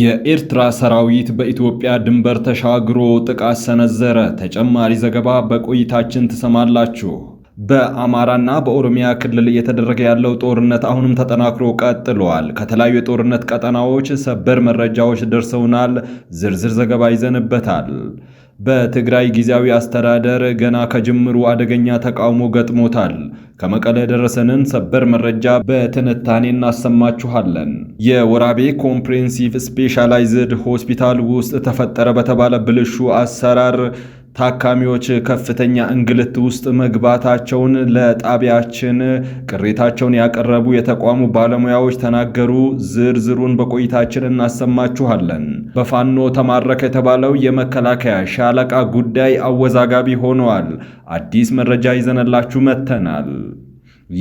የኤርትራ ሰራዊት በኢትዮጵያ ድንበር ተሻግሮ ጥቃት ሰነዘረ። ተጨማሪ ዘገባ በቆይታችን ትሰማላችሁ። በአማራና በኦሮሚያ ክልል እየተደረገ ያለው ጦርነት አሁንም ተጠናክሮ ቀጥሏል። ከተለያዩ የጦርነት ቀጠናዎች ሰበር መረጃዎች ደርሰውናል። ዝርዝር ዘገባ ይዘንበታል። በትግራይ ጊዜያዊ አስተዳደር ገና ከጅምሩ አደገኛ ተቃውሞ ገጥሞታል። ከመቀለ የደረሰንን ሰበር መረጃ በትንታኔ እናሰማችኋለን። የወራቤ ኮምፕሬንሲቭ ስፔሻላይዝድ ሆስፒታል ውስጥ ተፈጠረ በተባለ ብልሹ አሰራር ታካሚዎች ከፍተኛ እንግልት ውስጥ መግባታቸውን ለጣቢያችን ቅሬታቸውን ያቀረቡ የተቋሙ ባለሙያዎች ተናገሩ። ዝርዝሩን በቆይታችን እናሰማችኋለን። በፋኖ ተማረከ የተባለው የመከላከያ ሻለቃ ጉዳይ አወዛጋቢ ሆነዋል። አዲስ መረጃ ይዘንላችሁ መጥተናል።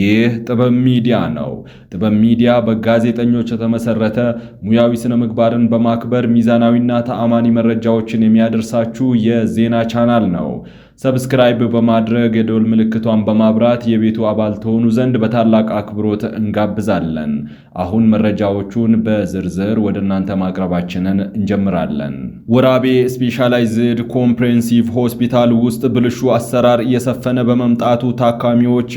ይህ ጥበብ ሚዲያ ነው። ጥበብ ሚዲያ በጋዜጠኞች የተመሰረተ ሙያዊ ስነ ምግባርን በማክበር ሚዛናዊና ተአማኒ መረጃዎችን የሚያደርሳችሁ የዜና ቻናል ነው። ሰብስክራይብ በማድረግ የደወል ምልክቷን በማብራት የቤቱ አባል ተሆኑ ዘንድ በታላቅ አክብሮት እንጋብዛለን። አሁን መረጃዎቹን በዝርዝር ወደ እናንተ ማቅረባችንን እንጀምራለን። ወራቤ ስፔሻላይዝድ ኮምፕሬንሲቭ ሆስፒታል ውስጥ ብልሹ አሰራር እየሰፈነ በመምጣቱ ታካሚዎች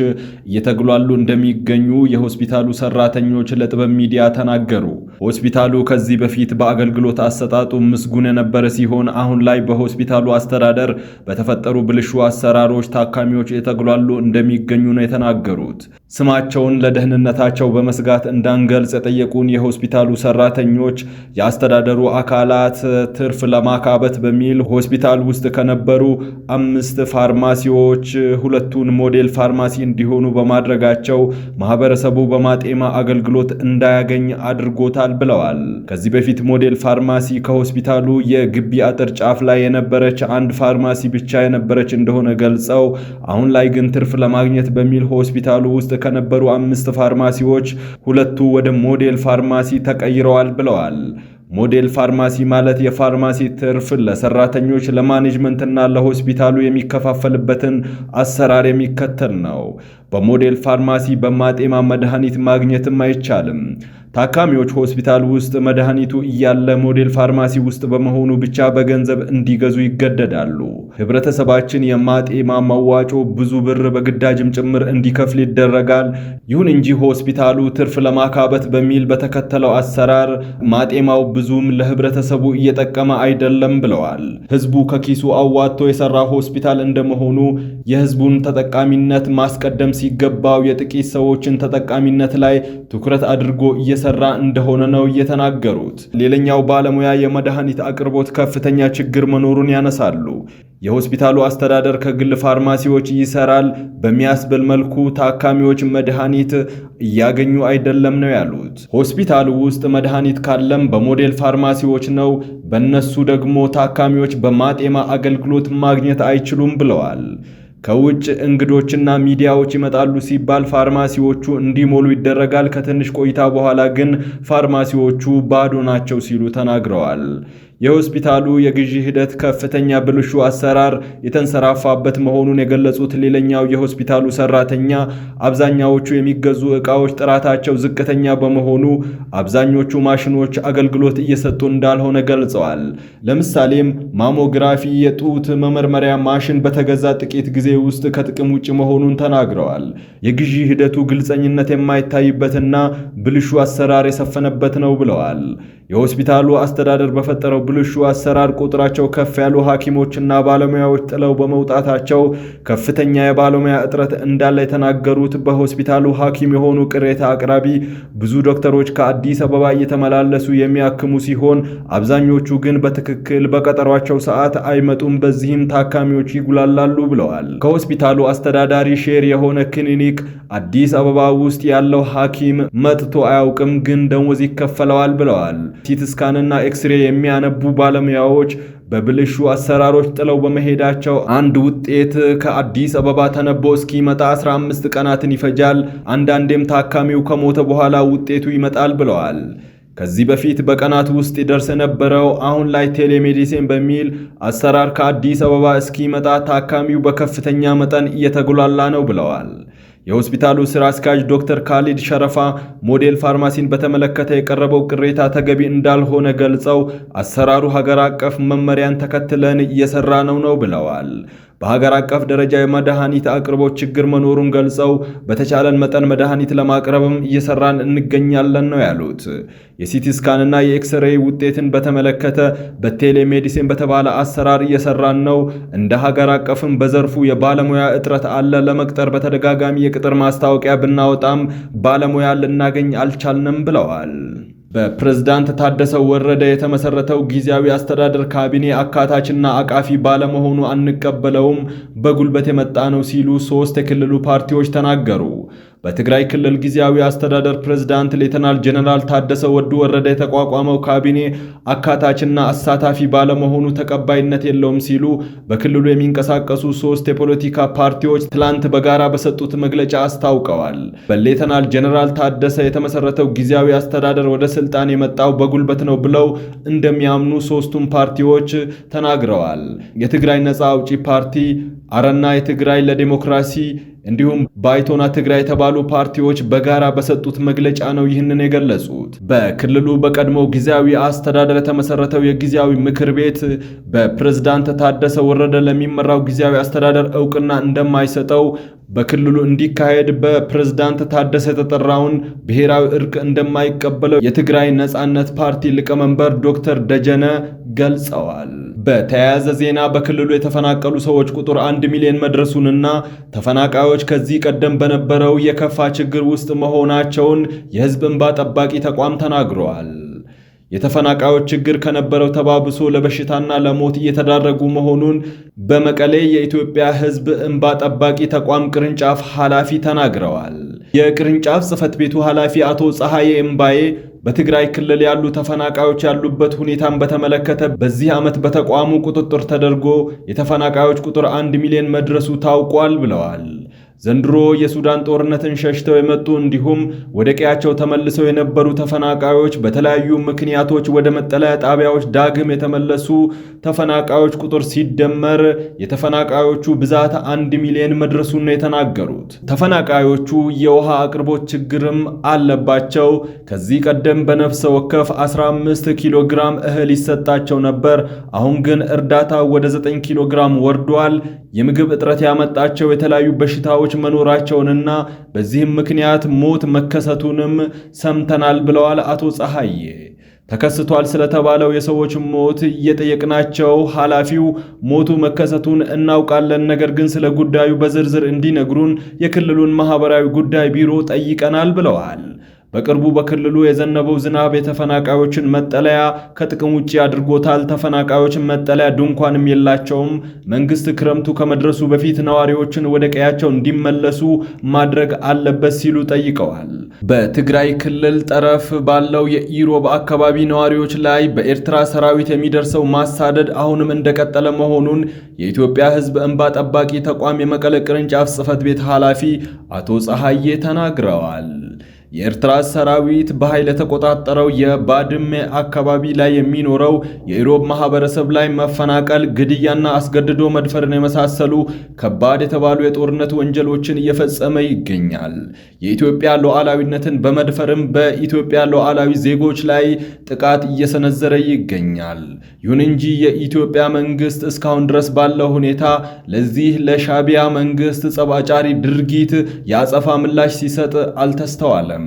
እየተግሏሉ እንደሚገኙ የሆስፒታሉ ሰራተኞች ለጥበብ ሚዲያ ተናገሩ። ሆስፒታሉ ከዚህ በፊት በአገልግሎት አሰጣጡ ምስጉን የነበረ ሲሆን አሁን ላይ በሆስፒታሉ አስተዳደር በተፈጠሩ ብልሹ አሰራሮች ታካሚዎች የተግሏሉ እንደሚገኙ ነው የተናገሩት። ስማቸውን ለደህንነታቸው በመስጋት እንዳንገልጽ የጠየቁን የሆስፒታሉ ሰራተኞች የአስተዳደሩ አካላት ትርፍ ለማካበት በሚል ሆስፒታል ውስጥ ከነበሩ አምስት ፋርማሲዎች ሁለቱን ሞዴል ፋርማሲ እንዲሆኑ በማድረጋቸው ማህበረሰቡ በማጤማ አገልግሎት እንዳያገኝ አድርጎታል ብለዋል። ከዚህ በፊት ሞዴል ፋርማሲ ከሆስፒታሉ የግቢ አጥር ጫፍ ላይ የነበረች አንድ ፋርማሲ ብቻ የነበረች እንደሆነ ገልጸው አሁን ላይ ግን ትርፍ ለማግኘት በሚል ሆስፒታሉ ውስጥ ከነበሩ አምስት ፋርማሲዎች ሁለቱ ወደ ሞዴል ፋርማሲ ተቀይረዋል ብለዋል። ሞዴል ፋርማሲ ማለት የፋርማሲ ትርፍ ለሰራተኞች ለማኔጅመንትና ለሆስፒታሉ የሚከፋፈልበትን አሰራር የሚከተል ነው። በሞዴል ፋርማሲ በማጤማ መድኃኒት ማግኘትም አይቻልም። ታካሚዎች ሆስፒታል ውስጥ መድኃኒቱ እያለ ሞዴል ፋርማሲ ውስጥ በመሆኑ ብቻ በገንዘብ እንዲገዙ ይገደዳሉ። ህብረተሰባችን የማጤማ መዋጮ ብዙ ብር በግዳጅም ጭምር እንዲከፍል ይደረጋል። ይሁን እንጂ ሆስፒታሉ ትርፍ ለማካበት በሚል በተከተለው አሰራር ማጤማው ብዙም ለህብረተሰቡ እየጠቀመ አይደለም ብለዋል። ህዝቡ ከኪሱ አዋጥቶ የሰራ ሆስፒታል እንደመሆኑ የህዝቡን ተጠቃሚነት ማስቀደም ሲገባው የጥቂት ሰዎችን ተጠቃሚነት ላይ ትኩረት አድርጎ እየሰ እየሰራ እንደሆነ ነው እየተናገሩት። ሌላኛው ባለሙያ የመድኃኒት አቅርቦት ከፍተኛ ችግር መኖሩን ያነሳሉ። የሆስፒታሉ አስተዳደር ከግል ፋርማሲዎች ይሰራል በሚያስብል መልኩ ታካሚዎች መድኃኒት እያገኙ አይደለም ነው ያሉት። ሆስፒታሉ ውስጥ መድኃኒት ካለም በሞዴል ፋርማሲዎች ነው፣ በነሱ ደግሞ ታካሚዎች በማጤማ አገልግሎት ማግኘት አይችሉም ብለዋል። ከውጭ እንግዶችና ሚዲያዎች ይመጣሉ ሲባል ፋርማሲዎቹ እንዲሞሉ ይደረጋል። ከትንሽ ቆይታ በኋላ ግን ፋርማሲዎቹ ባዶ ናቸው ሲሉ ተናግረዋል። የሆስፒታሉ የግዢ ሂደት ከፍተኛ ብልሹ አሰራር የተንሰራፋበት መሆኑን የገለጹት ሌላኛው የሆስፒታሉ ሰራተኛ አብዛኛዎቹ የሚገዙ ዕቃዎች ጥራታቸው ዝቅተኛ በመሆኑ አብዛኞቹ ማሽኖች አገልግሎት እየሰጡ እንዳልሆነ ገልጸዋል። ለምሳሌም ማሞግራፊ የጡት መመርመሪያ ማሽን በተገዛ ጥቂት ጊዜ ውስጥ ከጥቅም ውጭ መሆኑን ተናግረዋል። የግዢ ሂደቱ ግልጸኝነት የማይታይበትና ብልሹ አሰራር የሰፈነበት ነው ብለዋል። የሆስፒታሉ አስተዳደር በፈጠረው ብልሹ አሰራር ቁጥራቸው ከፍ ያሉ ሐኪሞችና ባለሙያዎች ጥለው በመውጣታቸው ከፍተኛ የባለሙያ እጥረት እንዳለ የተናገሩት በሆስፒታሉ ሐኪም የሆኑ ቅሬታ አቅራቢ ብዙ ዶክተሮች ከአዲስ አበባ እየተመላለሱ የሚያክሙ ሲሆን አብዛኞቹ ግን በትክክል በቀጠሯቸው ሰዓት አይመጡም። በዚህም ታካሚዎች ይጉላላሉ ብለዋል። ከሆስፒታሉ አስተዳዳሪ ሼር የሆነ ክሊኒክ አዲስ አበባ ውስጥ ያለው ሐኪም መጥቶ አያውቅም፣ ግን ደሞዝ ይከፈለዋል ብለዋል። ሲትስካንና ኤክስሬ የሚያነቡ ባለሙያዎች በብልሹ አሰራሮች ጥለው በመሄዳቸው አንድ ውጤት ከአዲስ አበባ ተነቦ እስኪመጣ 15 ቀናትን ይፈጃል። አንዳንዴም ታካሚው ከሞተ በኋላ ውጤቱ ይመጣል ብለዋል። ከዚህ በፊት በቀናት ውስጥ ይደርስ የነበረው አሁን ላይ ቴሌሜዲሲን በሚል አሰራር ከአዲስ አበባ እስኪመጣ ታካሚው በከፍተኛ መጠን እየተጉላላ ነው ብለዋል። የሆስፒታሉ ስራ አስኪያጅ ዶክተር ካሊድ ሸረፋ ሞዴል ፋርማሲን በተመለከተ የቀረበው ቅሬታ ተገቢ እንዳልሆነ ገልጸው አሰራሩ ሀገር አቀፍ መመሪያን ተከትለን እየሰራ ነው ነው ብለዋል። በሀገር አቀፍ ደረጃ የመድኃኒት አቅርቦት ችግር መኖሩን ገልጸው በተቻለን መጠን መድኃኒት ለማቅረብም እየሰራን እንገኛለን ነው ያሉት። የሲቲ ስካንና የኤክስሬይ ውጤትን በተመለከተ በቴሌሜዲሲን በተባለ አሰራር እየሰራን ነው። እንደ ሀገር አቀፍም በዘርፉ የባለሙያ እጥረት አለ። ለመቅጠር በተደጋጋሚ የቅጥር ማስታወቂያ ብናወጣም ባለሙያ ልናገኝ አልቻልንም ብለዋል። በፕሬዝዳንት ታደሰ ወረደ የተመሰረተው ጊዜያዊ አስተዳደር ካቢኔ አካታችና አቃፊ ባለመሆኑ አንቀበለውም፣ በጉልበት የመጣ ነው ሲሉ ሶስት የክልሉ ፓርቲዎች ተናገሩ። በትግራይ ክልል ጊዜያዊ አስተዳደር ፕሬዝዳንት ሌተናል ጀነራል ታደሰ ወዱ ወረደ የተቋቋመው ካቢኔ አካታችና አሳታፊ ባለመሆኑ ተቀባይነት የለውም ሲሉ በክልሉ የሚንቀሳቀሱ ሶስት የፖለቲካ ፓርቲዎች ትላንት በጋራ በሰጡት መግለጫ አስታውቀዋል። በሌተናል ጀነራል ታደሰ የተመሰረተው ጊዜያዊ አስተዳደር ወደ ስልጣን የመጣው በጉልበት ነው ብለው እንደሚያምኑ ሶስቱም ፓርቲዎች ተናግረዋል። የትግራይ ነፃ አውጪ ፓርቲ፣ አረና፣ የትግራይ ለዴሞክራሲ እንዲሁም ባይቶና ትግራይ የተባሉ ፓርቲዎች በጋራ በሰጡት መግለጫ ነው ይህንን የገለጹት። በክልሉ በቀድሞ ጊዜያዊ አስተዳደር የተመሰረተው የጊዜያዊ ምክር ቤት በፕሬዝዳንት ታደሰ ወረደ ለሚመራው ጊዜያዊ አስተዳደር እውቅና እንደማይሰጠው በክልሉ እንዲካሄድ በፕሬዝዳንት ታደሰ የተጠራውን ብሔራዊ እርቅ እንደማይቀበለው የትግራይ ነጻነት ፓርቲ ሊቀመንበር ዶክተር ደጀነ ገልጸዋል። በተያያዘ ዜና በክልሉ የተፈናቀሉ ሰዎች ቁጥር አንድ ሚሊዮን መድረሱንና ተፈናቃዮች ከዚህ ቀደም በነበረው የከፋ ችግር ውስጥ መሆናቸውን የሕዝብ እንባ ጠባቂ ተቋም ተናግረዋል። የተፈናቃዮች ችግር ከነበረው ተባብሶ ለበሽታና ለሞት እየተዳረጉ መሆኑን በመቀሌ የኢትዮጵያ ሕዝብ እንባ ጠባቂ ተቋም ቅርንጫፍ ኃላፊ ተናግረዋል። የቅርንጫፍ ጽሕፈት ቤቱ ኃላፊ አቶ ፀሐይ እምባዬ በትግራይ ክልል ያሉ ተፈናቃዮች ያሉበት ሁኔታን በተመለከተ በዚህ ዓመት በተቋሙ ቁጥጥር ተደርጎ የተፈናቃዮች ቁጥር አንድ ሚሊዮን መድረሱ ታውቋል ብለዋል። ዘንድሮ የሱዳን ጦርነትን ሸሽተው የመጡ እንዲሁም ወደ ቀያቸው ተመልሰው የነበሩ ተፈናቃዮች በተለያዩ ምክንያቶች ወደ መጠለያ ጣቢያዎች ዳግም የተመለሱ ተፈናቃዮች ቁጥር ሲደመር የተፈናቃዮቹ ብዛት አንድ ሚሊዮን መድረሱን ነው የተናገሩት። ተፈናቃዮቹ የውሃ አቅርቦት ችግርም አለባቸው። ከዚህ ቀደም በነፍሰ ወከፍ 15 ኪሎ ግራም እህል ይሰጣቸው ነበር። አሁን ግን እርዳታ ወደ 9 ኪሎ ግራም ወርዷል። የምግብ እጥረት ያመጣቸው የተለያዩ በሽታዎች ስፍራዎች መኖራቸውንና በዚህም ምክንያት ሞት መከሰቱንም ሰምተናል ብለዋል አቶ ፀሐዬ። ተከስቷል ስለተባለው የሰዎች ሞት እየጠየቅናቸው ኃላፊው ሞቱ መከሰቱን እናውቃለን፣ ነገር ግን ስለ ጉዳዩ በዝርዝር እንዲነግሩን የክልሉን ማህበራዊ ጉዳይ ቢሮ ጠይቀናል ብለዋል። በቅርቡ በክልሉ የዘነበው ዝናብ የተፈናቃዮችን መጠለያ ከጥቅም ውጭ አድርጎታል። ተፈናቃዮችን መጠለያ ድንኳንም የላቸውም። መንግስት ክረምቱ ከመድረሱ በፊት ነዋሪዎችን ወደ ቀያቸው እንዲመለሱ ማድረግ አለበት ሲሉ ጠይቀዋል። በትግራይ ክልል ጠረፍ ባለው የኢሮብ አካባቢ ነዋሪዎች ላይ በኤርትራ ሰራዊት የሚደርሰው ማሳደድ አሁንም እንደቀጠለ መሆኑን የኢትዮጵያ ሕዝብ እንባ ጠባቂ ተቋም የመቀለ ቅርንጫፍ ጽህፈት ቤት ኃላፊ አቶ ፀሐዬ ተናግረዋል። የኤርትራ ሰራዊት በኃይል የተቆጣጠረው የባድመ አካባቢ ላይ የሚኖረው የኢሮብ ማህበረሰብ ላይ መፈናቀል፣ ግድያና አስገድዶ መድፈርን የመሳሰሉ ከባድ የተባሉ የጦርነት ወንጀሎችን እየፈጸመ ይገኛል። የኢትዮጵያ ሉዓላዊነትን በመድፈርም በኢትዮጵያ ሉዓላዊ ዜጎች ላይ ጥቃት እየሰነዘረ ይገኛል። ይሁን እንጂ የኢትዮጵያ መንግስት እስካሁን ድረስ ባለው ሁኔታ ለዚህ ለሻቢያ መንግስት ጸባጫሪ ድርጊት የአጸፋ ምላሽ ሲሰጥ አልተስተዋለም።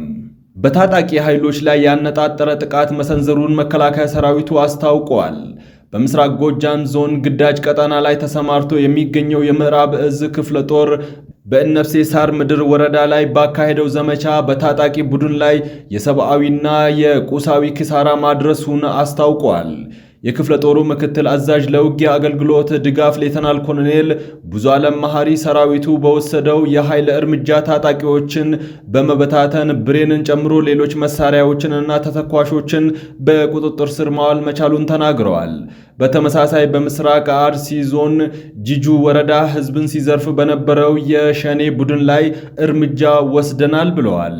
በታጣቂ ኃይሎች ላይ ያነጣጠረ ጥቃት መሰንዘሩን መከላከያ ሰራዊቱ አስታውቋል። በምስራቅ ጎጃም ዞን ግዳጅ ቀጠና ላይ ተሰማርቶ የሚገኘው የምዕራብ እዝ ክፍለ ጦር በእነብሴ ሳር ምድር ወረዳ ላይ ባካሄደው ዘመቻ በታጣቂ ቡድን ላይ የሰብአዊና የቁሳዊ ኪሳራ ማድረሱን አስታውቋል። የክፍለ ጦሩ ምክትል አዛዥ ለውጊያ አገልግሎት ድጋፍ ሌተናል ኮሎኔል ብዙ ዓለም መሐሪ ሰራዊቱ በወሰደው የኃይል እርምጃ ታጣቂዎችን በመበታተን ብሬንን ጨምሮ ሌሎች መሳሪያዎችንና ተተኳሾችን በቁጥጥር ስር ማዋል መቻሉን ተናግረዋል። በተመሳሳይ በምስራቅ አርሲ ዞን ጂጁ ወረዳ ሕዝብን ሲዘርፍ በነበረው የሸኔ ቡድን ላይ እርምጃ ወስደናል ብለዋል።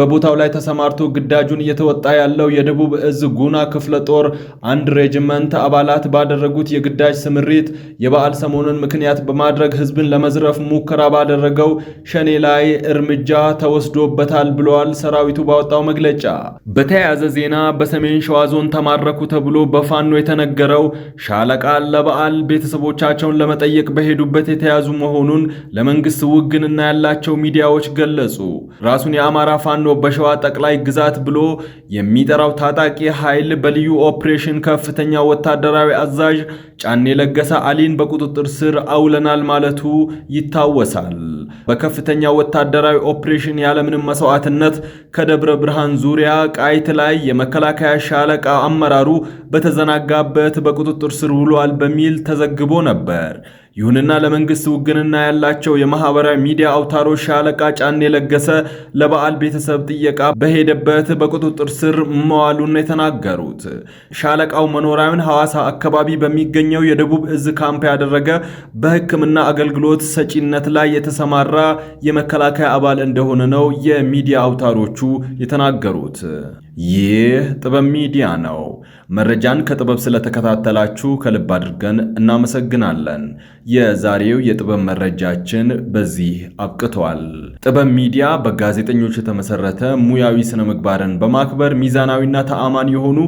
በቦታው ላይ ተሰማርቶ ግዳጁን እየተወጣ ያለው የደቡብ እዝ ጉና ክፍለ ጦር አንድ ሬጅ የሬጅመንት አባላት ባደረጉት የግዳጅ ስምሪት የበዓል ሰሞኑን ምክንያት በማድረግ ህዝብን ለመዝረፍ ሙከራ ባደረገው ሸኔ ላይ እርምጃ ተወስዶበታል ብለዋል ሰራዊቱ ባወጣው መግለጫ። በተያያዘ ዜና በሰሜን ሸዋ ዞን ተማረኩ ተብሎ በፋኖ የተነገረው ሻለቃ ለበዓል ቤተሰቦቻቸውን ለመጠየቅ በሄዱበት የተያዙ መሆኑን ለመንግስት ውግንና ያላቸው ሚዲያዎች ገለጹ። ራሱን የአማራ ፋኖ በሸዋ ጠቅላይ ግዛት ብሎ የሚጠራው ታጣቂ ኃይል በልዩ ኦፕሬሽን ከፍተኛ ከፍተኛ ወታደራዊ አዛዥ ጫኔ ለገሰ አሊን በቁጥጥር ስር አውለናል ማለቱ ይታወሳል። በከፍተኛ ወታደራዊ ኦፕሬሽን ያለምንም መስዋዕትነት ከደብረ ብርሃን ዙሪያ ቃይት ላይ የመከላከያ ሻለቃ አመራሩ በተዘናጋበት በቁጥጥር ስር ውሏል በሚል ተዘግቦ ነበር። ይሁንና ለመንግስት ውግንና ያላቸው የማህበራዊ ሚዲያ አውታሮች ሻለቃ ጫኔ ለገሰ ለበዓል ቤተሰብ ጥየቃ በሄደበት በቁጥጥር ስር መዋሉን የተናገሩት ሻለቃው መኖሪያውን ሐዋሳ አካባቢ በሚገኘው የደቡብ እዝ ካምፕ ያደረገ በሕክምና አገልግሎት ሰጪነት ላይ የተሰማራ የመከላከያ አባል እንደሆነ ነው የሚዲያ አውታሮቹ የተናገሩት። ይህ ጥበብ ሚዲያ ነው። መረጃን ከጥበብ ስለተከታተላችሁ ከልብ አድርገን እናመሰግናለን። የዛሬው የጥበብ መረጃችን በዚህ አብቅተዋል። ጥበብ ሚዲያ በጋዜጠኞች የተመሰረተ ሙያዊ ስነ ምግባርን በማክበር ሚዛናዊና ተአማን የሆኑ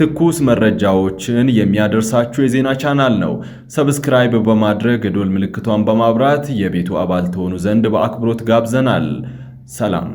ትኩስ መረጃዎችን የሚያደርሳችሁ የዜና ቻናል ነው። ሰብስክራይብ በማድረግ የዶል ምልክቷን በማብራት የቤቱ አባል ትሆኑ ዘንድ በአክብሮት ጋብዘናል። ሰላም